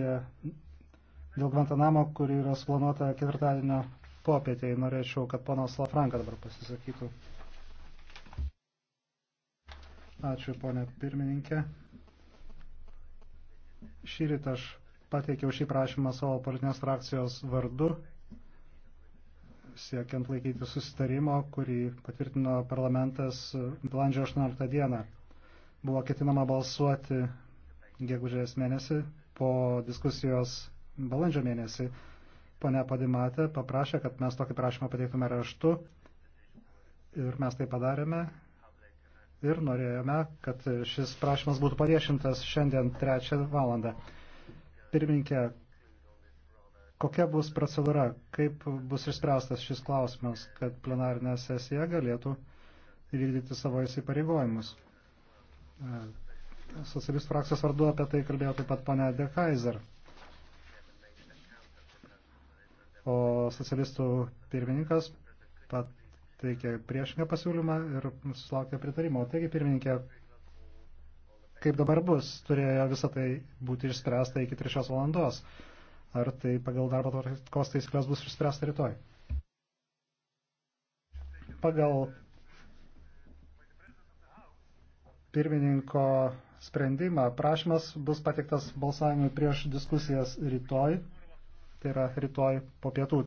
dėl Guantanamo, kuri yra suplanuota ketvirtadienio popietėje. Norėčiau, kad ponas Lafranka dabar pasisakytų. Ačiū, ponė pirmininkė. Šį rytą aš pateikiau šį prašymą savo politinės frakcijos vardu, siekiant laikyti susitarimo, kurį patvirtino parlamentas balandžio 18 dieną. Buvo ketinama balsuoti gegužės mėnesį po diskusijos balandžio mėnesį ponia Padimatė paprašė, kad mes tokį prašymą pateiktume raštu ir mes tai padarėme ir norėjome, kad šis prašymas būtų paviešintas šiandien trečią valandą. Pirminkė, kokia bus procedūra, kaip bus išspręstas šis klausimas, kad plenarinė sesija galėtų įvykdyti savo įsipareigojimus socialistų frakcijos vardu apie tai kalbėjo taip pat ponia De Kaiser. O socialistų pirmininkas pateikė priešingą pasiūlymą ir susilaukė pritarimo. Taigi, pirmininkė, kaip dabar bus, turėjo visą tai būti išspręsta iki 3 valandos. Ar tai pagal darbo tvarkos taisyklės bus išspręsta rytoj? Pagal pirmininko sprendimą. Prašymas bus patiktas balsavimui prieš diskusijas rytoj, tai yra rytoj po pietų.